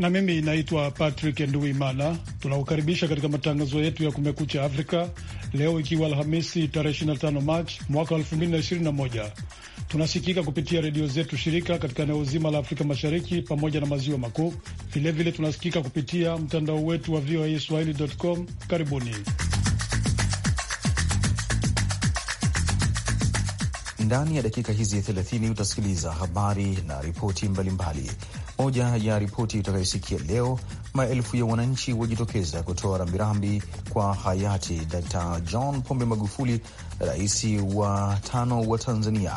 na mimi naitwa Patrick Nduimana. Tunakukaribisha katika matangazo yetu ya Kumekucha Afrika leo ikiwa Alhamisi tarehe 25 Machi mwaka 2021. Tunasikika kupitia redio zetu shirika katika eneo zima la Afrika Mashariki pamoja na maziwa makuu. Vilevile tunasikika kupitia mtandao wetu wa VOA swahili.com. Karibuni. Ndani ya dakika hizi 30 utasikiliza habari na ripoti mbalimbali mbali. Moja ya ripoti utakayosikia leo, maelfu ya wananchi wajitokeza kutoa rambirambi kwa hayati d John Pombe Magufuli, rais wa tano wa Tanzania.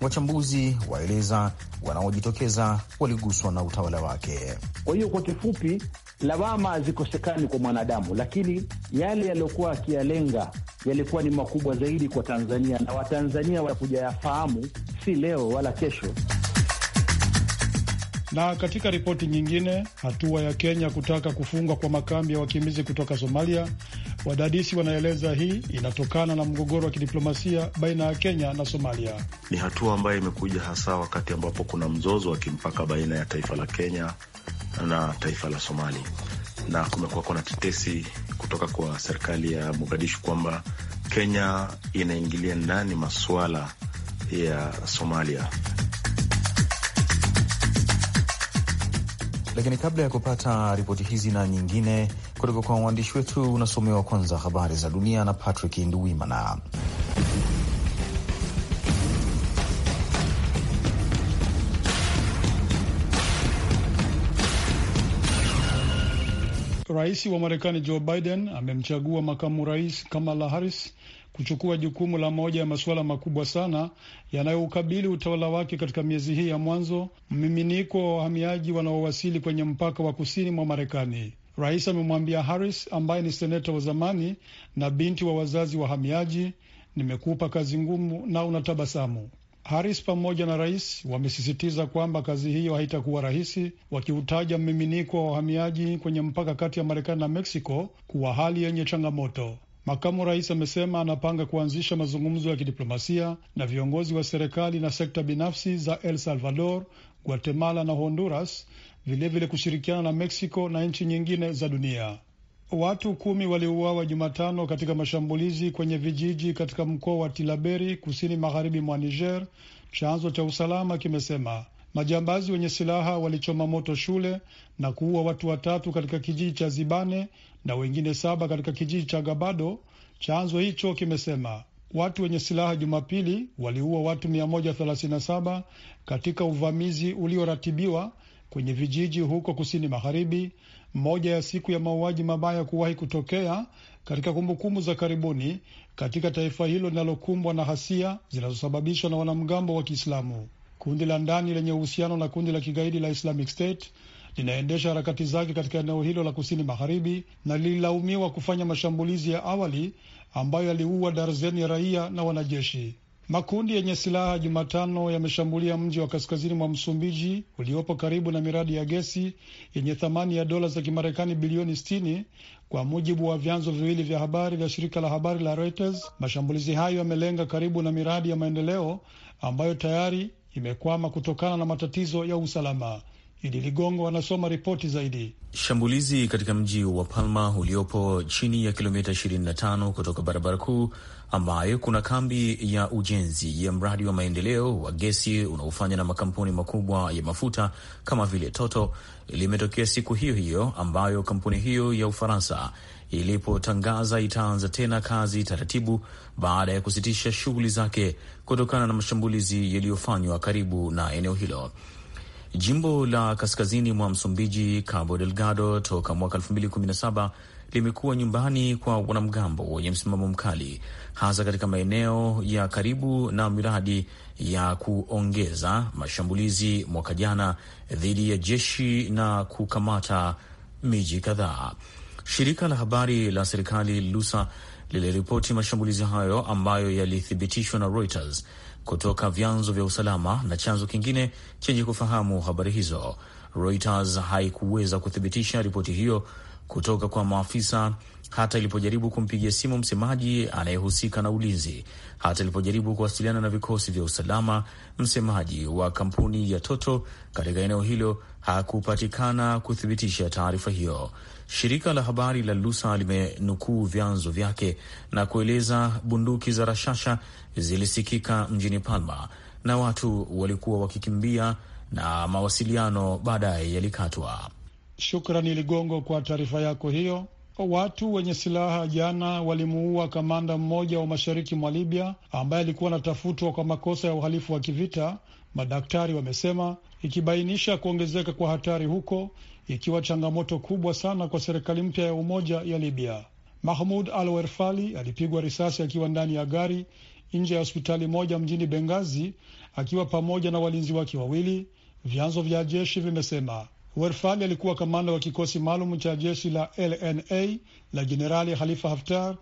Wachambuzi waeleza wanaojitokeza waliguswa na utawala wake. Kwa hiyo kwa kifupi, lawama hazikosekani kwa mwanadamu, lakini yale yaliyokuwa akiyalenga yalikuwa ni makubwa zaidi kwa Tanzania, na Watanzania wakuja yafahamu si leo wala kesho. Na katika ripoti nyingine, hatua ya Kenya kutaka kufungwa kwa makambi ya wakimbizi kutoka Somalia, wadadisi wanaeleza hii inatokana na mgogoro wa kidiplomasia baina ya Kenya na Somalia. Ni hatua ambayo imekuja hasa wakati ambapo kuna mzozo wa kimpaka baina ya taifa la Kenya na taifa la Somali, na kumekuwa kuna tetesi kutoka kwa serikali ya Mogadishu kwamba Kenya inaingilia ndani masuala ya Somalia. Lakini kabla ya kupata ripoti hizi na nyingine kutoka kwa waandishi wetu, unasomewa kwanza habari za dunia na Patrick Nduwimana. Rais wa Marekani Joe Biden amemchagua makamu rais Kamala Harris kuchukua jukumu la moja ya masuala makubwa sana yanayoukabili utawala wake katika miezi hii ya mwanzo, mmiminiko wa wahamiaji wanaowasili kwenye mpaka wa kusini mwa Marekani. Rais amemwambia Harris ambaye ni seneta wa zamani na binti wa wazazi wahamiaji, nimekupa kazi ngumu na unatabasamu. Harris pamoja na rais wamesisitiza kwamba kazi hiyo haitakuwa rahisi, wakiutaja mmiminiko wa wahamiaji kwenye mpaka kati ya Marekani na Meksiko kuwa hali yenye changamoto. Makamu rais amesema anapanga kuanzisha mazungumzo ya kidiplomasia na viongozi wa serikali na sekta binafsi za El Salvador, Guatemala na Honduras, vilevile kushirikiana na Meksiko na nchi nyingine za dunia. Watu kumi waliuawa Jumatano katika mashambulizi kwenye vijiji katika mkoa wa Tilaberi, kusini magharibi mwa Niger, chanzo cha usalama kimesema. Majambazi wenye silaha walichoma moto shule na kuua watu watatu katika kijiji cha Zibane na wengine saba katika kijiji cha Gabado. Chanzo hicho kimesema watu wenye silaha Jumapili waliua watu 137 katika uvamizi ulioratibiwa kwenye vijiji huko kusini magharibi, moja ya siku ya mauaji mabaya kuwahi kutokea katika kumbukumbu za karibuni katika taifa hilo linalokumbwa na hasia zinazosababishwa na wanamgambo wa Kiislamu. Kundi la ndani lenye uhusiano na kundi la kigaidi la Islamic State linaendesha harakati zake katika eneo hilo la kusini magharibi na lililaumiwa kufanya mashambulizi ya awali ambayo yaliua darzeni ya raia na wanajeshi. Makundi yenye silaha Jumatano yameshambulia mji wa kaskazini mwa Msumbiji uliopo karibu na miradi ya gesi yenye thamani ya dola za Kimarekani bilioni 60 kwa mujibu wa vyanzo viwili vya habari vya shirika la habari la Reuters. Mashambulizi hayo yamelenga karibu na miradi ya maendeleo ambayo tayari imekwama kutokana na matatizo ya usalama. Idi Ligongo anasoma ripoti zaidi. Shambulizi katika mji wa Palma uliopo chini ya kilomita 25 kutoka barabara kuu ambayo kuna kambi ya ujenzi ya mradi wa maendeleo wa gesi unaofanywa na makampuni makubwa ya mafuta kama vile Toto limetokea siku hiyo hiyo ambayo kampuni hiyo ya Ufaransa ilipotangaza itaanza tena kazi taratibu baada ya kusitisha shughuli zake kutokana na mashambulizi yaliyofanywa karibu na eneo hilo. Jimbo la kaskazini mwa Msumbiji, Cabo Delgado, toka mwaka 2017 limekuwa nyumbani kwa wanamgambo wenye msimamo mkali, hasa katika maeneo ya karibu na miradi ya kuongeza mashambulizi mwaka jana dhidi ya jeshi na kukamata miji kadhaa. Shirika la habari la serikali Lusa liliripoti mashambulizi hayo ambayo yalithibitishwa na Reuters kutoka vyanzo vya usalama na chanzo kingine chenye kufahamu habari hizo. Reuters haikuweza kuthibitisha ripoti hiyo kutoka kwa maafisa hata ilipojaribu kumpigia simu msemaji anayehusika na ulinzi, hata ilipojaribu kuwasiliana na vikosi vya usalama. Msemaji wa kampuni ya Toto katika eneo hilo hakupatikana kuthibitisha taarifa hiyo. Shirika la habari la Lusa limenukuu vyanzo vyake na kueleza bunduki za rashasha zilisikika mjini Palma na watu walikuwa wakikimbia na mawasiliano baadaye yalikatwa. Shukrani Ligongo kwa taarifa yako hiyo. Watu wenye silaha jana walimuua kamanda mmoja wa mashariki mwa Libya ambaye alikuwa anatafutwa kwa makosa ya uhalifu wa kivita, madaktari wamesema, ikibainisha kuongezeka kwa hatari huko ikiwa changamoto kubwa sana kwa serikali mpya ya umoja ya Libya. Mahmud Al Werfali alipigwa risasi akiwa ndani ya gari nje ya hospitali moja mjini Bengazi akiwa pamoja na walinzi wake wawili, vyanzo vya jeshi vimesema. Werfali alikuwa kamanda wa kikosi maalum cha jeshi la LNA la Jenerali Khalifa Haftar.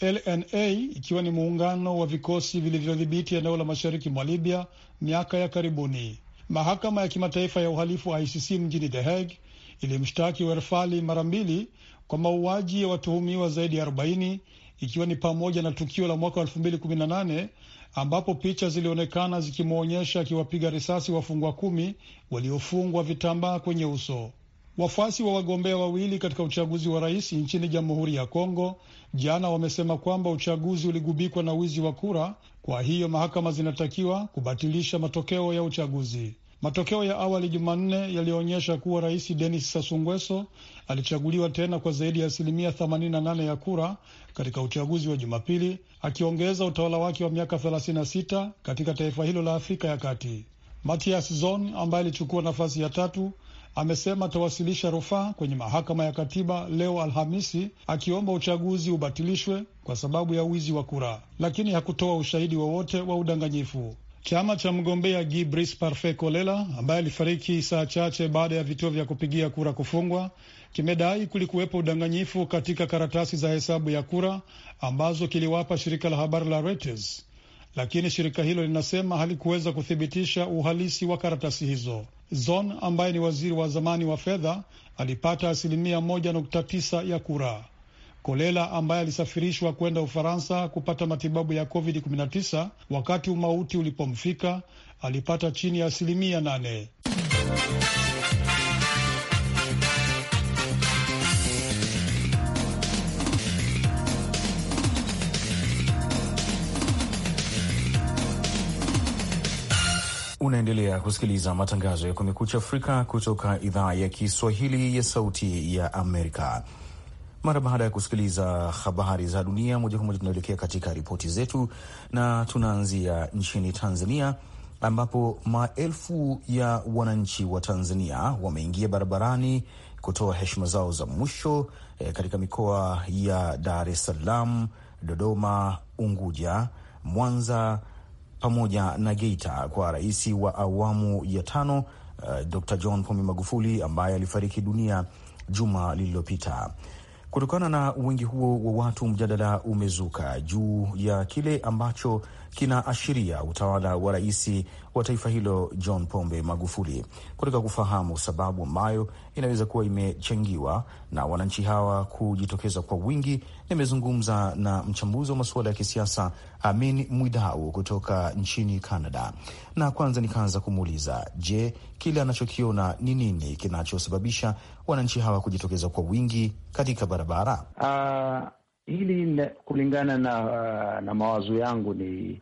LNA ikiwa ni muungano wa vikosi vilivyodhibiti eneo la mashariki mwa Libya miaka ya karibuni. Mahakama ya kimataifa ya uhalifu ICC mjini The Hague ilimshtaki Werfali mara mbili kwa mauaji ya watuhumiwa zaidi ya 40 ikiwa ni pamoja na tukio la mwaka 2018 ambapo picha zilionekana zikimwonyesha akiwapiga risasi wafungwa kumi waliofungwa vitambaa kwenye uso. Wafuasi wa wagombea wawili katika uchaguzi wa rais nchini Jamhuri ya Kongo jana wamesema kwamba uchaguzi uligubikwa na wizi wa kura, kwa hiyo mahakama zinatakiwa kubatilisha matokeo ya uchaguzi. Matokeo ya awali Jumanne yalionyesha kuwa rais Denis Sassou Nguesso alichaguliwa tena kwa zaidi ya asilimia 88 ya kura katika uchaguzi wa Jumapili, akiongeza utawala wake wa miaka 36 katika taifa hilo la Afrika ya Kati. Matias Zon ambaye alichukua nafasi ya tatu amesema atawasilisha rufaa kwenye mahakama ya katiba leo Alhamisi akiomba uchaguzi ubatilishwe kwa sababu ya wizi wa kura, lakini hakutoa ushahidi wowote wa, wa udanganyifu. Chama cha mgombea Gibris Parfait Kolela ambaye alifariki saa chache baada ya vituo vya kupigia kura kufungwa kimedai kulikuwepo udanganyifu katika karatasi za hesabu ya kura ambazo kiliwapa shirika la habari la Reuters, lakini shirika hilo linasema halikuweza kuthibitisha uhalisi wa karatasi hizo. Zon ambaye ni waziri wa zamani wa fedha alipata asilimia moja nukta tisa ya kura. Kolela ambaye alisafirishwa kwenda Ufaransa kupata matibabu ya COVID-19 wakati umauti ulipomfika alipata chini ya asilimia nane. Unaendelea kusikiliza matangazo ya Kumekucha Afrika kutoka idhaa ya Kiswahili ya Sauti ya Amerika. Mara baada ya kusikiliza habari za dunia moja kwa moja, tunaelekea katika ripoti zetu na tunaanzia nchini Tanzania ambapo maelfu ya wananchi wa Tanzania wameingia barabarani kutoa heshima zao za mwisho e, katika mikoa ya Dar es Salaam, Dodoma, Unguja, Mwanza pamoja na Geita kwa rais wa awamu ya tano uh, e, Dr John Pombe Magufuli ambaye alifariki dunia juma lililopita. Kutokana na wingi huo wa watu, mjadala umezuka juu ya kile ambacho kinaashiria utawala wa rais wa taifa hilo John Pombe Magufuli. Kutaka kufahamu sababu ambayo inaweza kuwa imechangiwa na wananchi hawa kujitokeza kwa wingi, nimezungumza na mchambuzi wa masuala ya kisiasa Amin Mwidau kutoka nchini Canada, na kwanza nikaanza kumuuliza, je, kile anachokiona ni nini kinachosababisha wananchi hawa kujitokeza kwa wingi katika barabara? Uh... Hili kulingana na uh, na mawazo yangu ni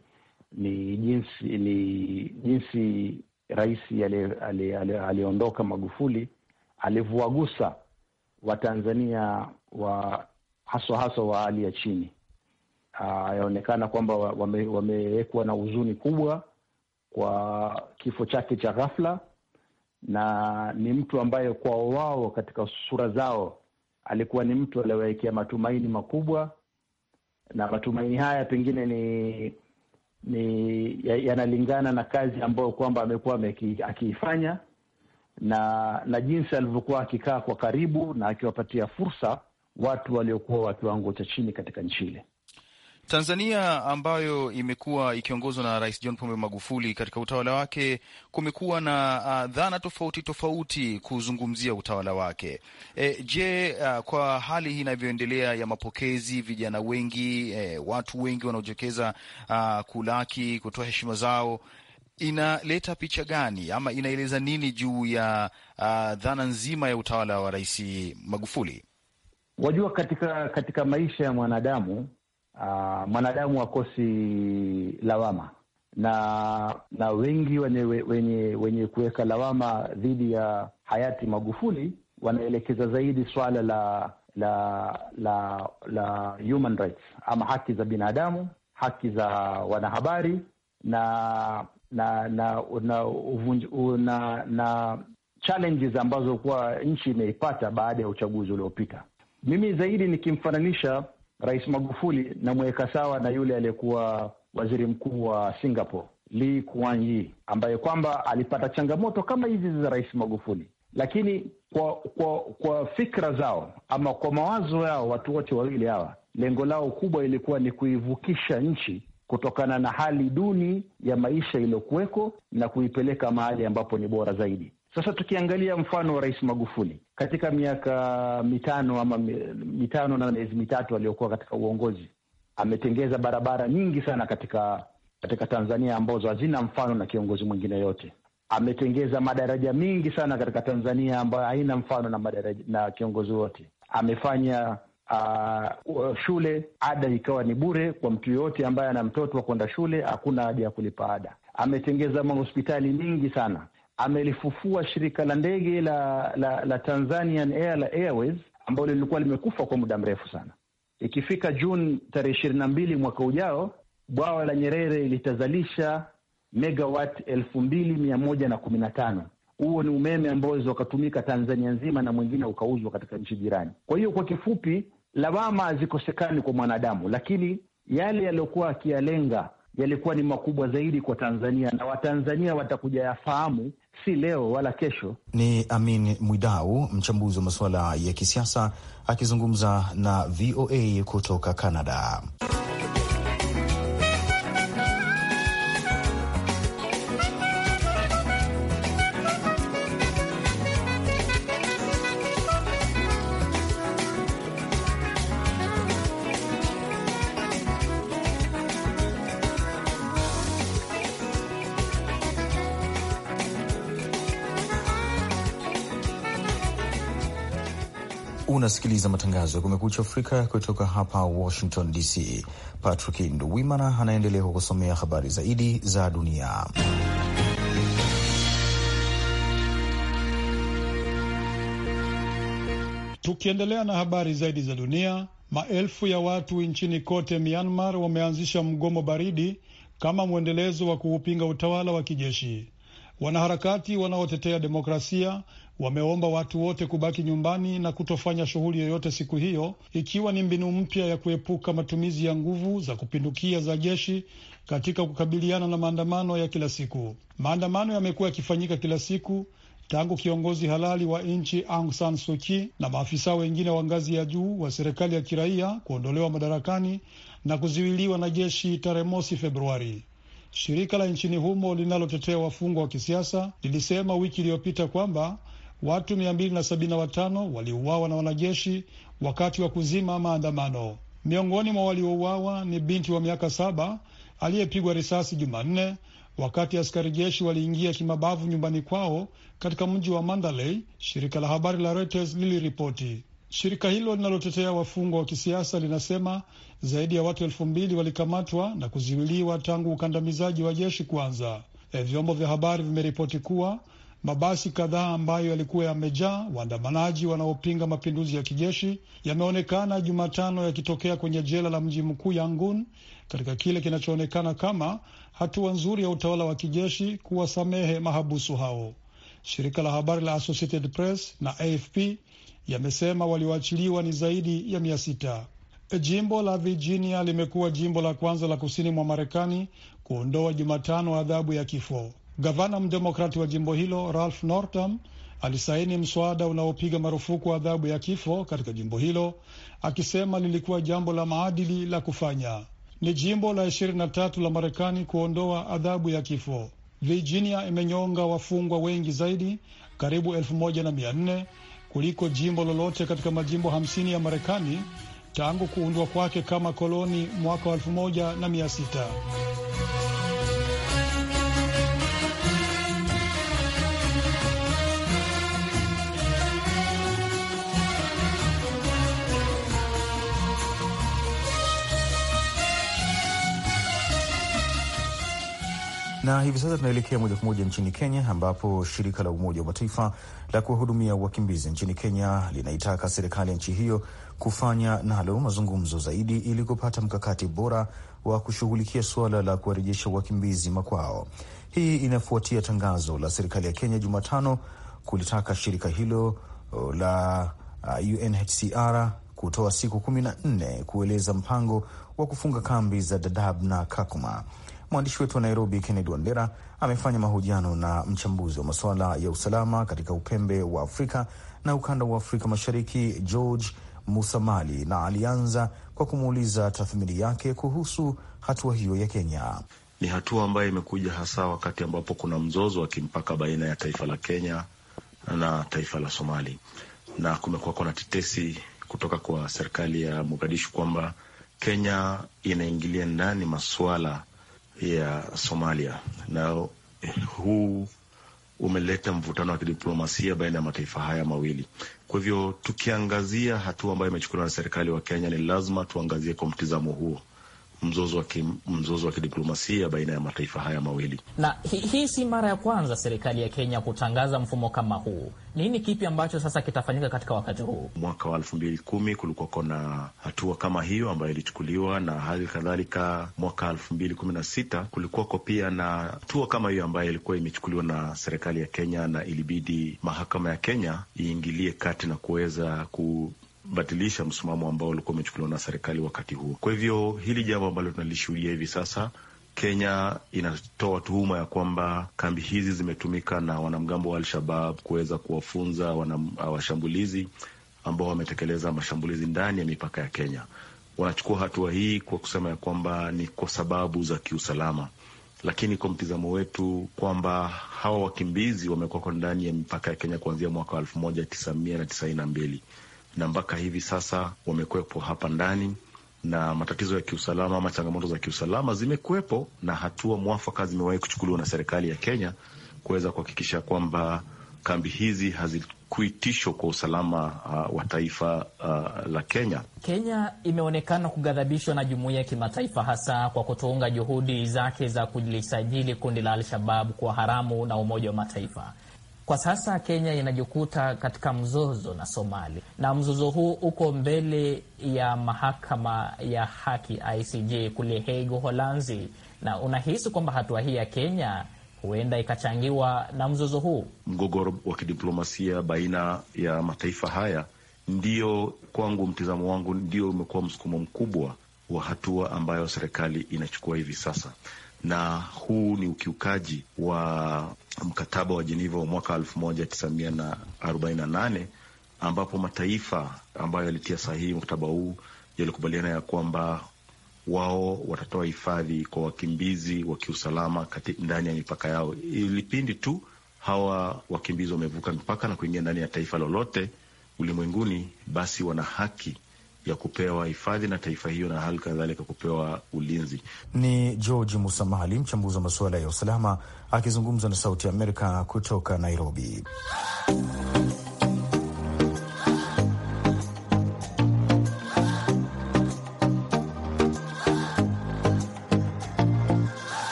ni jinsi ni jinsi rais aliyeondoka Magufuli alivyowagusa Watanzania wa haswa haswa wa hali ya chini. Uh, yaonekana kwamba wamewekwa wame na huzuni kubwa kwa kifo chake cha ghafla, na ni mtu ambaye kwa wao katika sura zao alikuwa ni mtu aliyewekea matumaini makubwa, na matumaini haya pengine ni ni yanalingana na kazi ambayo kwamba amekuwa akiifanya na na jinsi alivyokuwa akikaa kwa karibu na akiwapatia fursa watu waliokuwa wa kiwango cha chini katika nchi ile. Tanzania ambayo imekuwa ikiongozwa na Rais John Pombe Magufuli, katika utawala wake kumekuwa na uh, dhana tofauti tofauti kuzungumzia utawala wake. E, je, uh, kwa hali hii inavyoendelea ya mapokezi, vijana wengi eh, watu wengi wanaojitokeza uh, kulaki kutoa heshima zao inaleta picha gani ama inaeleza nini juu ya uh, dhana nzima ya utawala wa Rais Magufuli? Wajua, katika katika maisha ya mwanadamu uh, mwanadamu akosi lawama na na wengi wenye, wenye, wenye kuweka lawama dhidi ya hayati Magufuli wanaelekeza zaidi swala la la la la human rights ama haki za binadamu, haki za wanahabari na na na na, na, na challenges ambazo kuwa nchi imeipata baada ya uchaguzi uliopita. Mimi zaidi nikimfananisha Rais Magufuli na mweka sawa na yule aliyekuwa waziri mkuu wa Singapore Lee Kuan Yew, ambaye kwamba alipata changamoto kama hizi za Rais Magufuli, lakini kwa kwa kwa fikra zao ama kwa mawazo yao, watu wote wawili hawa lengo lao kubwa ilikuwa ni kuivukisha nchi kutokana na hali duni ya maisha iliyokuweko na kuipeleka mahali ambapo ni bora zaidi. Sasa tukiangalia mfano wa Rais Magufuli katika miaka mitano ama mitano na miezi mitatu aliyokuwa katika uongozi, ametengeza barabara nyingi sana katika katika Tanzania ambazo hazina mfano na kiongozi mwingine yote. Ametengeza madaraja mengi sana katika Tanzania ambayo haina mfano na madaraja na kiongozi wote. Amefanya uh, shule ada ikawa ni bure kwa mtu yoyote ambaye ana mtoto wa kwenda shule, hakuna haja ya kulipa ada. Ametengeza mahospitali mengi sana amelifufua shirika la ndege la, la, la Tanzanian Air, la Airways ambalo lilikuwa limekufa kwa muda mrefu sana. Ikifika Juni tarehe ishirini na mbili mwaka ujao bwawa la Nyerere litazalisha megawat elfu mbili mia moja na kumi na tano. Huo ni umeme ambao waweza ukatumika Tanzania nzima na mwingine ukauzwa katika nchi jirani. Kwa hiyo kwa kifupi, lawama hazikosekani kwa mwanadamu, lakini yale yaliyokuwa akiyalenga yalikuwa ni makubwa zaidi kwa Tanzania na Watanzania watakuja yafahamu si leo wala kesho. Ni Amin Mwidau, mchambuzi wa masuala ya kisiasa akizungumza na VOA kutoka Canada. unasikiliza matangazo ya Kumekucha Afrika kutoka hapa Washington DC. Patrick Nduwimana anaendelea kukusomea habari zaidi za dunia. Tukiendelea na habari zaidi za dunia, maelfu ya watu nchini kote Myanmar wameanzisha mgomo baridi kama mwendelezo wa kuupinga utawala wa kijeshi. Wanaharakati wanaotetea demokrasia wameomba watu wote kubaki nyumbani na kutofanya shughuli yoyote siku hiyo, ikiwa ni mbinu mpya ya kuepuka matumizi ya nguvu za kupindukia za jeshi katika kukabiliana na maandamano ya kila siku. Maandamano yamekuwa yakifanyika kila siku tangu kiongozi halali wa nchi Aung San Suu Kyi na maafisa wengine wa ngazi ya juu wa serikali ya kiraia kuondolewa madarakani na kuziwiliwa na jeshi tarehe mosi Februari. Shirika la nchini humo linalotetea wafungwa wa kisiasa lilisema wiki iliyopita kwamba Watu 275 waliuawa na wanajeshi wakati wa kuzima maandamano. Miongoni mwa waliouawa ni binti wa miaka saba aliyepigwa risasi Jumanne wakati askari jeshi waliingia kimabavu nyumbani kwao katika mji wa Mandalay, shirika la habari la Reuters liliripoti. Shirika hilo linalotetea wafungwa wa kisiasa linasema zaidi ya watu elfu mbili walikamatwa na kuzuiliwa tangu ukandamizaji wa jeshi kuanza. E, vyombo vya habari vimeripoti kuwa Mabasi kadhaa ambayo yalikuwa yamejaa waandamanaji wanaopinga mapinduzi ya kijeshi yameonekana Jumatano yakitokea kwenye jela la mji mkuu Yangon katika kile kinachoonekana kama hatua nzuri ya utawala wa kijeshi kuwasamehe mahabusu hao. Shirika la habari la Associated Press na AFP yamesema walioachiliwa ni zaidi ya mia sita. Jimbo la Virginia limekuwa jimbo la kwanza la kusini mwa Marekani kuondoa Jumatano adhabu ya kifo. Gavana mdemokrati wa jimbo hilo Ralph Northam alisaini mswada unaopiga marufuku adhabu ya kifo katika jimbo hilo akisema lilikuwa jambo la maadili la kufanya. Ni jimbo la tatu la Marekani kuondoa adhabu ya kifo. Virginia imenyonga wafungwa wengi zaidi, karibu elfu moja na mia nne kuliko jimbo lolote katika majimbo 50 ya Marekani tangu kuundwa kwake kama koloni mwaka wa elfu moja na mia sita. Na hivi sasa tunaelekea moja kwa moja nchini Kenya, ambapo shirika la Umoja wa Mataifa la kuwahudumia wakimbizi nchini Kenya linaitaka serikali ya nchi hiyo kufanya nalo mazungumzo zaidi ili kupata mkakati bora wa kushughulikia suala la kuwarejesha wakimbizi makwao. Hii inafuatia tangazo la serikali ya Kenya Jumatano kulitaka shirika hilo la UNHCR kutoa siku kumi na nne kueleza mpango wa kufunga kambi za Dadaab na Kakuma. Mwandishi wetu wa Nairobi, Kennedy Wandera, amefanya mahojiano na mchambuzi wa masuala ya usalama katika upembe wa Afrika na ukanda wa Afrika Mashariki, George Musamali, na alianza kwa kumuuliza tathmini yake kuhusu hatua hiyo ya Kenya. Ni hatua ambayo imekuja hasa wakati ambapo kuna mzozo wa kimpaka baina ya taifa la Kenya na taifa la Somali, na kumekuwa na tetesi kutoka kwa serikali ya Mogadishu kwamba Kenya inaingilia ndani masuala ya Somalia, na huu umeleta mvutano wa kidiplomasia baina ya mataifa haya mawili. Kwa hivyo tukiangazia hatua ambayo imechukuliwa na serikali wa Kenya, ni lazima tuangazie kwa mtizamo huo mzozo wa mzozo wa kidiplomasia baina ya mataifa haya mawili. Na hii si mara ya kwanza serikali ya Kenya kutangaza mfumo kama huu. Nini kipi ambacho sasa kitafanyika katika wakati huu? Mwaka wa elfu mbili kumi kulikuwako na hatua kama hiyo ambayo ilichukuliwa, na hali kadhalika mwaka elfu mbili kumi na sita kulikuwako pia na hatua kama hiyo ambayo ilikuwa imechukuliwa na serikali ya Kenya, na ilibidi mahakama ya Kenya iingilie kati na kuweza ku kubatilisha msimamo ambao ulikuwa umechukuliwa na serikali wakati huo. Kwa hivyo hili jambo ambalo tunalishuhudia hivi sasa Kenya inatoa tuhuma ya kwamba kambi hizi zimetumika na wanamgambo wa Al-Shabab kuweza kuwafunza uh, washambulizi ambao wametekeleza mashambulizi ndani ya mipaka ya Kenya. Wanachukua hatua hii kwa kusema ya kwamba ni kwa sababu za kiusalama, lakini kwa mtizamo wetu kwamba hawa wakimbizi wamekuwako ndani ya mipaka ya Kenya kuanzia mwaka wa elfu moja tisa mia na tisaini na mbili na mpaka hivi sasa wamekuwepo hapa ndani na matatizo ya kiusalama ama changamoto za kiusalama zimekuwepo, na hatua mwafaka zimewahi kuchukuliwa na serikali ya Kenya kuweza kuhakikisha kwamba kambi hizi hazikui tisho kwa usalama uh, wa taifa uh, la Kenya. Kenya imeonekana kughadhabishwa na jumuiya ya kimataifa hasa kwa kutounga juhudi zake za kulisajili kundi la al shababu kwa haramu na Umoja wa Mataifa. Kwa sasa Kenya inajikuta katika mzozo na Somali, na mzozo huu uko mbele ya mahakama ya haki ICJ kule Hague, holanzi Na unahisi kwamba hatua hii ya Kenya huenda ikachangiwa na mzozo huu? Mgogoro wa kidiplomasia baina ya mataifa haya ndio, kwangu, mtizamo wangu, ndio umekuwa msukumo mkubwa wa hatua ambayo serikali inachukua hivi sasa, na huu ni ukiukaji wa mkataba wa jeniva wa mwaka 1948 ambapo mataifa ambayo yalitia sahihi mkataba huu yalikubaliana ya kwamba wao watatoa hifadhi kwa wakimbizi wa kiusalama ndani ya mipaka yao, ili pindi tu hawa wakimbizi wamevuka mipaka na kuingia ndani ya taifa lolote ulimwenguni, basi wana haki ya kupewa hifadhi na taifa hiyo na hali kadhalika kupewa ulinzi. Ni George Musamali, mchambuzi wa masuala ya usalama, akizungumza na Sauti ya Amerika kutoka Nairobi.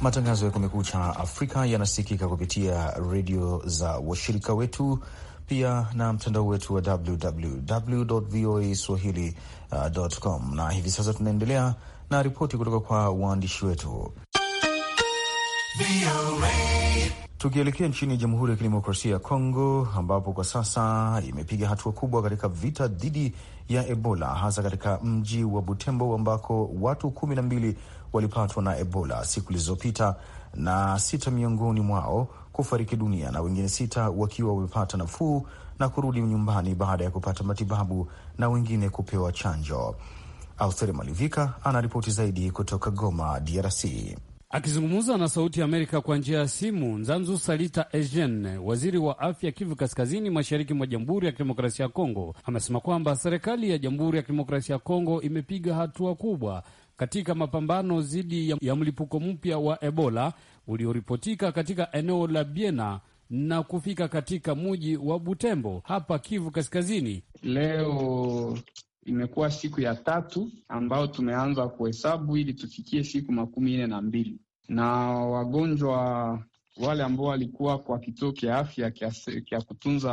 Matangazo ya Kumekucha Afrika yanasikika kupitia redio za washirika wetu pia na mtandao wetu wa www voa swahili com. Na hivi sasa tunaendelea na ripoti kutoka kwa waandishi wetu. Tukielekea nchini Jamhuri ya Kidemokrasia ya Kongo, ambapo kwa sasa imepiga hatua kubwa katika vita dhidi ya Ebola, hasa katika mji wa Butembo ambako watu kumi na mbili walipatwa na Ebola siku zilizopita na sita miongoni mwao kufariki dunia na wengine sita wakiwa wamepata nafuu na kurudi nyumbani baada ya kupata matibabu na wengine kupewa chanjo. Austeri Malivika anaripoti zaidi kutoka Goma, DRC. Akizungumza na Sauti ya Amerika kwa njia ya simu, Nzanzu Salita ejen waziri wa afya Kivu Kaskazini, mashariki mwa Jamhuri ya Kidemokrasia ya Kongo, amesema kwamba serikali ya Jamhuri ya Kidemokrasia ya Kongo imepiga hatua kubwa katika mapambano dhidi ya mlipuko mpya wa Ebola ulioripotika katika eneo la Biena na kufika katika mji wa Butembo hapa Kivu Kaskazini. Leo imekuwa siku ya tatu ambayo tumeanza kuhesabu ili tufikie siku makumi nne na mbili na wagonjwa wale ambao walikuwa kwa kituo kya afya kya kutunza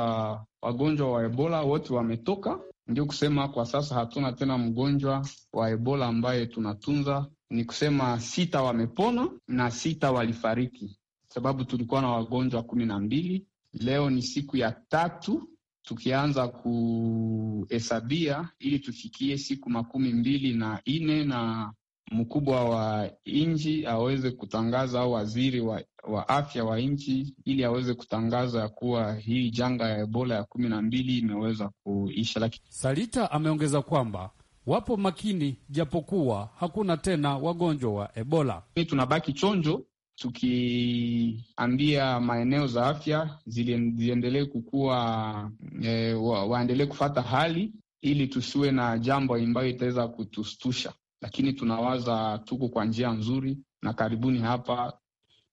wagonjwa wa Ebola wote wametoka. Ndio kusema kwa sasa hatuna tena mgonjwa wa Ebola ambaye tunatunza ni kusema sita wamepona na sita walifariki, sababu tulikuwa na wagonjwa kumi na mbili. Leo ni siku ya tatu tukianza kuhesabia ili tufikie siku makumi mbili na nne na mkubwa wa nchi aweze kutangaza au waziri wa, wa afya wa nchi ili aweze kutangaza ya kuwa hii janga ya Ebola ya kumi na mbili imeweza kuisha. Lakini Salita ameongeza kwamba wapo makini, japokuwa hakuna tena wagonjwa wa Ebola. Tunabaki chonjo tukiambia maeneo za afya ziendelee kukua e, wa, waendelee kufata hali ili tusiwe na jambo ambayo itaweza kutustusha, lakini tunawaza tuko kwa njia nzuri, na karibuni hapa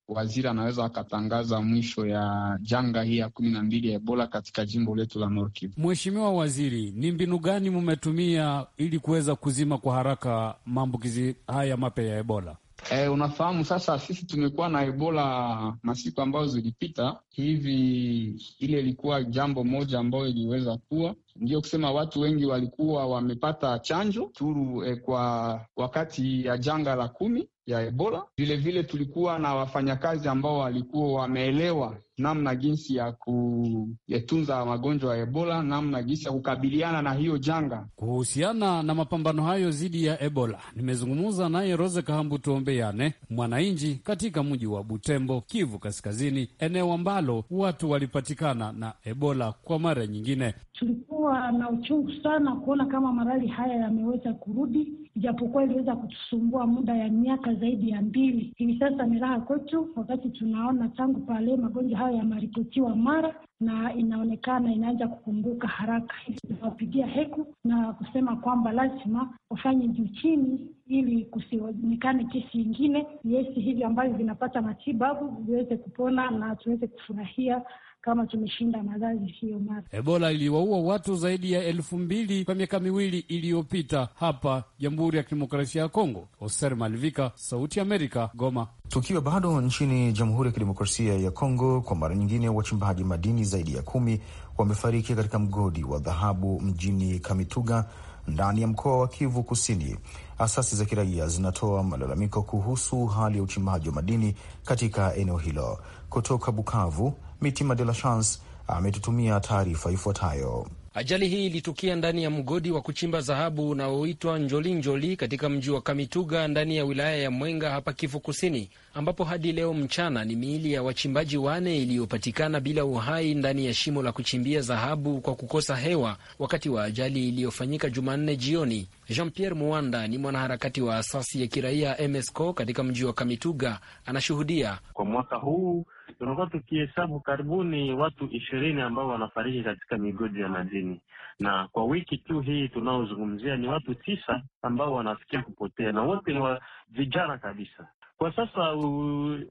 waziri anaweza akatangaza mwisho ya janga hii ya kumi na mbili ya Ebola katika jimbo letu la Nord Kivu. Mheshimiwa Waziri, ni mbinu gani mmetumia ili kuweza kuzima kwa haraka maambukizi haya mapya ya Ebola? E, unafahamu sasa, sisi tumekuwa na Ebola masiku ambayo zilipita hivi, ile ilikuwa jambo moja ambayo iliweza kuwa Ndiyo kusema watu wengi walikuwa wamepata chanjo turu eh, kwa wakati ya janga la kumi ya Ebola. Vilevile tulikuwa na wafanyakazi ambao walikuwa wameelewa namna jinsi ya kutunza magonjwa ya Ebola, namna jinsi ya kukabiliana na hiyo janga. Kuhusiana na mapambano hayo dhidi ya Ebola, nimezungumza naye Rose Kahambu Tuombeane, mwananchi katika mji wa Butembo, Kivu Kaskazini, eneo ambalo watu walipatikana na Ebola kwa mara nyingine. Tulikuwa Tulikuwa na uchungu sana kuona kama marali haya yameweza kurudi, ijapokuwa iliweza kutusumbua muda ya miaka zaidi ya mbili. Hivi sasa ni raha kwetu, wakati tunaona tangu pale magonjwa hayo yameripotiwa mara na inaonekana inaanza kupunguka haraka. Hivi tunawapigia heku na kusema kwamba lazima wafanye juu chini ili kusionekane kesi ingine, yesi hivi ambavyo vinapata matibabu viweze kupona na tuweze kufurahia kama tumeshinda maradhi hiyo mara. Ebola iliwaua watu zaidi ya elfu mbili kwa miaka miwili iliyopita hapa Jamhuri ya Kidemokrasia ya Kongo. Oser Malivika, Sauti Amerika, Goma. Tukiwa bado nchini Jamhuri ya Kidemokrasia ya Kongo, kwa mara nyingine, wachimbaji madini zaidi ya kumi wamefariki katika mgodi wa dhahabu mjini Kamituga ndani ya mkoa wa Kivu Kusini. Asasi za kiraia zinatoa malalamiko kuhusu hali ya uchimbaji wa madini katika eneo hilo. Kutoka Bukavu, Mitima De La Chance ah, ametutumia taarifa ifuatayo. Ajali hii ilitukia ndani ya mgodi wa kuchimba dhahabu unaoitwa Njolinjoli katika mji wa Kamituga ndani ya wilaya ya Mwenga hapa Kivu Kusini, ambapo hadi leo mchana ni miili ya wachimbaji wane iliyopatikana bila uhai ndani ya shimo la kuchimbia dhahabu kwa kukosa hewa wakati wa ajali iliyofanyika Jumanne jioni. Jean Pierre Muwanda ni mwanaharakati wa asasi ya kiraia MSCO katika mji wa Kamituga, anashuhudia. Kwa mwaka huu tunakuwa tukihesabu karibuni watu ishirini ambao wanafariki katika migodi ya madini, na kwa wiki tu hii tunaozungumzia ni watu tisa ambao wanafikia kupotea, na wote ni wa vijana kabisa. Kwa sasa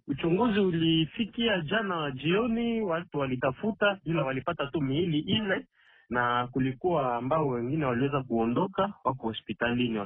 uchunguzi ulifikia jana jioni, watu walitafuta, ila walipata tu miili ile, na kulikuwa ambao wengine waliweza kuondoka, wako hospitalini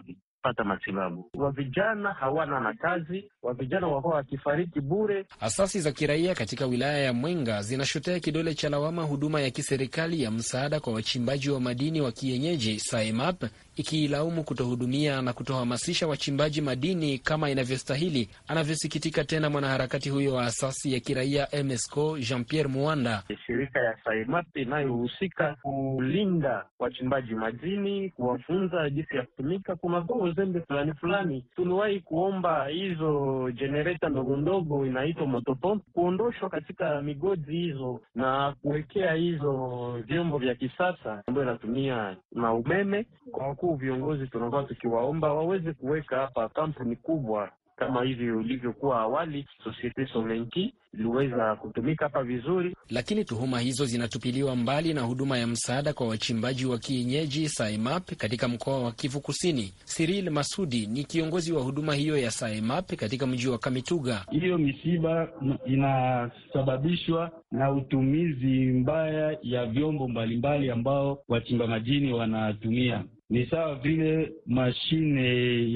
kupata matibabu. Wavijana hawana na kazi, wavijana wakuwa wakifariki bure. Asasi za kiraia katika wilaya ya Mwenga zinashotea kidole cha lawama huduma ya kiserikali ya msaada kwa wachimbaji wa madini wa kienyeji SAIMAP, ikiilaumu kutohudumia na kutohamasisha wachimbaji madini kama inavyostahili, anavyosikitika tena mwanaharakati huyo wa asasi ya kiraia MSCO Jean Pierre Muanda. Shirika ya SAIMAP inayohusika kulinda wachimbaji madini, kuwafunza jinsi ya kutumika, kuna uzembe fulani fulani. Tuliwahi kuomba hizo jenereta ndogo ndogo inaitwa motopompe kuondoshwa katika migodi hizo na kuwekea hizo vyombo vya kisasa ambayo inatumia na umeme. Kwa wakuu viongozi, tunakuwa tukiwaomba waweze kuweka hapa kampuni kubwa kama hivi ilivyokuwa awali. Societe Sonenki iliweza kutumika hapa vizuri, lakini tuhuma hizo zinatupiliwa mbali na huduma ya msaada kwa wachimbaji wa kienyeji SAEMAP katika mkoa wa Kivu Kusini. siril Masudi ni kiongozi wa huduma hiyo ya SAEMAP katika mji wa Kamituga. Hiyo misiba inasababishwa na utumizi mbaya ya vyombo mbalimbali ambao wachimba majini wanatumia ni sawa vile mashine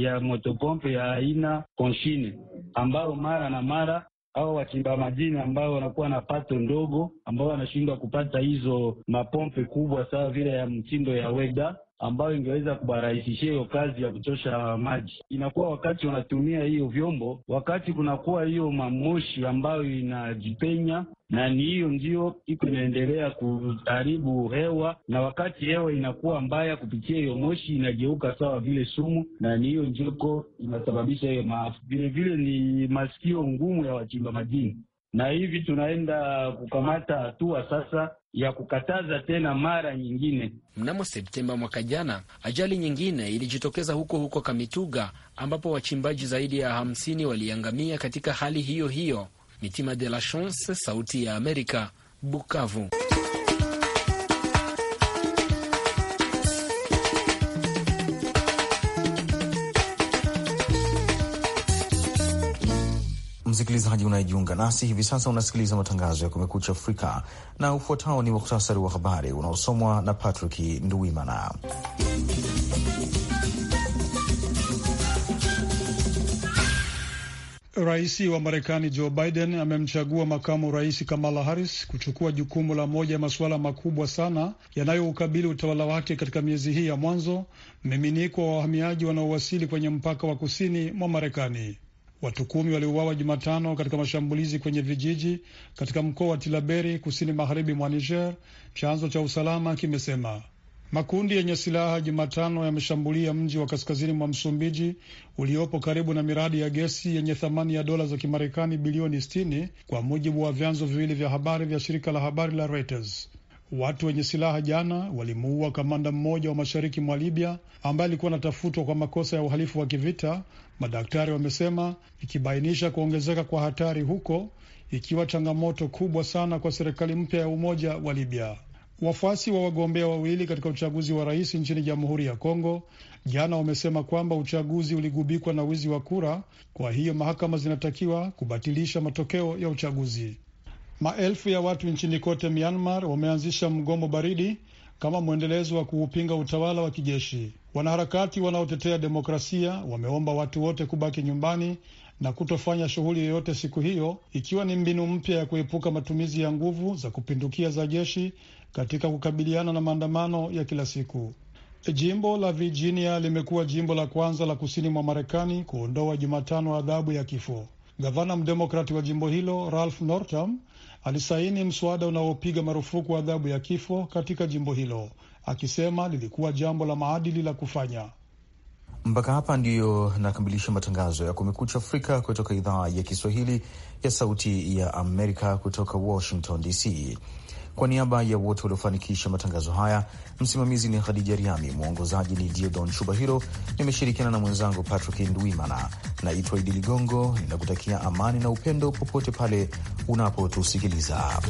ya motopompe ya aina konshine, ambao mara na mara au wachimba majini ambao wanakuwa na pato ndogo, ambao wanashindwa kupata hizo mapompe kubwa sawa vile ya mtindo ya wega ambayo ingeweza kubarahisishia hiyo kazi ya kuchosha maji. Inakuwa wakati wanatumia hiyo vyombo, wakati kunakuwa hiyo mamoshi ambayo inajipenya na ni hiyo ndio iko inaendelea kuharibu hewa, na wakati hewa inakuwa mbaya kupitia hiyo moshi, inageuka sawa vile sumu, na ni hiyo ndioko inasababisha hiyo maafa. Vilevile ni masikio ngumu ya wachimba madini na hivi tunaenda kukamata hatua sasa ya kukataza tena mara nyingine. Mnamo Septemba mwaka jana, ajali nyingine ilijitokeza huko huko Kamituga, ambapo wachimbaji zaidi ya hamsini waliangamia katika hali hiyo hiyo. Mitima de la Chance, Sauti ya Amerika, Bukavu. msikilizaji unayejiunga nasi hivi sasa, unasikiliza matangazo ya Kumekucha Afrika na ufuatao ni muhtasari wa habari unaosomwa na Patrick Nduwimana. Rais wa Marekani Joe Biden amemchagua makamu rais Kamala Harris kuchukua jukumu la moja ya masuala makubwa sana yanayoukabili utawala wake katika miezi hii ya mwanzo, mmiminiko wa wahamiaji wanaowasili kwenye mpaka wa kusini mwa Marekani. Watu kumi waliuawa Jumatano katika mashambulizi kwenye vijiji katika mkoa wa Tilaberi kusini magharibi mwa Niger, chanzo cha usalama kimesema. Makundi yenye silaha Jumatano yameshambulia mji wa kaskazini mwa Msumbiji uliopo karibu na miradi ya gesi yenye thamani ya dola za Kimarekani bilioni 60 kwa mujibu wa vyanzo viwili vya habari vya shirika la habari la Reuters. Watu wenye silaha jana walimuua kamanda mmoja wa mashariki mwa Libya ambaye alikuwa anatafutwa kwa makosa ya uhalifu wa kivita madaktari wamesema, ikibainisha kuongezeka kwa hatari huko, ikiwa changamoto kubwa sana kwa serikali mpya ya umoja wa Libya. Wafuasi wa wagombea wawili katika uchaguzi wa rais nchini Jamhuri ya Kongo jana wamesema kwamba uchaguzi uligubikwa na wizi wa kura, kwa hiyo mahakama zinatakiwa kubatilisha matokeo ya uchaguzi. Maelfu ya watu nchini kote Myanmar wameanzisha mgomo baridi kama mwendelezo wa kuupinga utawala wa kijeshi. Wanaharakati wanaotetea demokrasia wameomba watu wote kubaki nyumbani na kutofanya shughuli yoyote siku hiyo, ikiwa ni mbinu mpya ya kuepuka matumizi ya nguvu za kupindukia za jeshi katika kukabiliana na maandamano ya kila siku. Jimbo la Virginia limekuwa jimbo la kwanza la kusini mwa Marekani kuondoa Jumatano adhabu ya kifo. Gavana mdemokrati wa jimbo hilo Ralph Northam alisaini mswada unaopiga marufuku adhabu ya kifo katika jimbo hilo, akisema lilikuwa jambo la maadili la kufanya. Mpaka hapa ndiyo nakamilisha matangazo ya Kumekucha Afrika kutoka idhaa ya Kiswahili ya Sauti ya Amerika, kutoka Washington DC. Kwa niaba ya wote waliofanikisha matangazo haya, msimamizi ni Khadija Riami, mwongozaji ni Diodon Shubahiro. Nimeshirikiana na mwenzangu Patrick Ndwimana. Naitwa Idi Ligongo, ninakutakia amani na upendo popote pale unapotusikiliza.